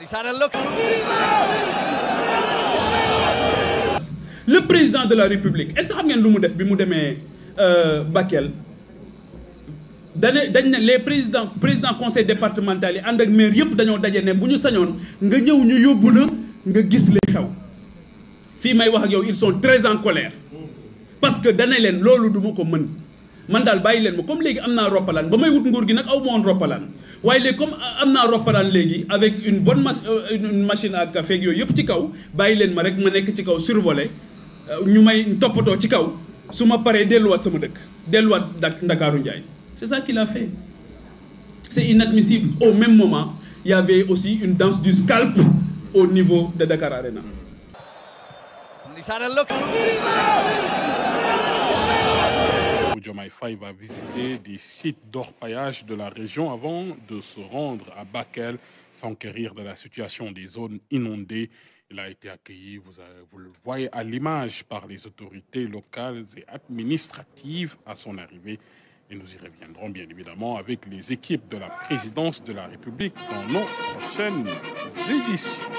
He's had a look. le président de la république est-ce xam ngeen lu mu def bi mu demee euh, Bakel dañ dañ ne les président président conseil départemental yi ànd ak maire yëpp dañoo daje ne bu ñu sañoon nga ñëw ñu yóbbu la nga gis li xew fii may wax ak yow ils sont très en colère parce que dana leen loolu du ko mën man daal bàyyi leen ma comme léegi am naa roppalaan ba may wut nguur gi nag aw ma roppalaan waaye léegi comme euh, am naa roppalaan léegi avec une bonne ma euh, une machine à café yooyu yëpp ci kaw bàyyi leen ma rek ma nekk ci kaw survolé euh, ñu may toppatoo ci kaw su ma paree delluwaat sama dëkk delluwaat Ndakaaru Njaay c'est ça qu'il a fait c'est inadmissible au même moment ya y aussi une danse du scalp au niveau de Dakar Arena. Diomaye Faye va visiter des sites d'orpaillage de la région avant de se rendre à Bakel s'enquérir de la situation des zones inondées. Il a été accueilli, euh, vous, le voyez à l'image, par les autorités locales et administratives à son arrivée. Et nous y reviendrons bien évidemment avec les équipes de la présidence de la République dans nos prochaines éditions.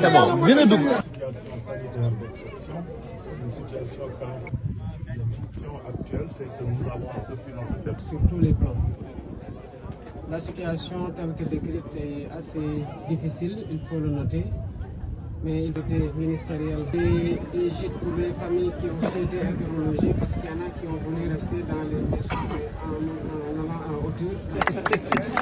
C'est bon, dina dugg. situation sanitaire d'exception, une situation actuelle, c'est que nous avons depuis notre sur tous les plans. La situation telle que décrite est assez difficile, il faut le noter, mais il était ministériel. Et, et j'ai trouvé des qui ont cédé à parce qu'il qui ont voulu rester dans les maisons voiture.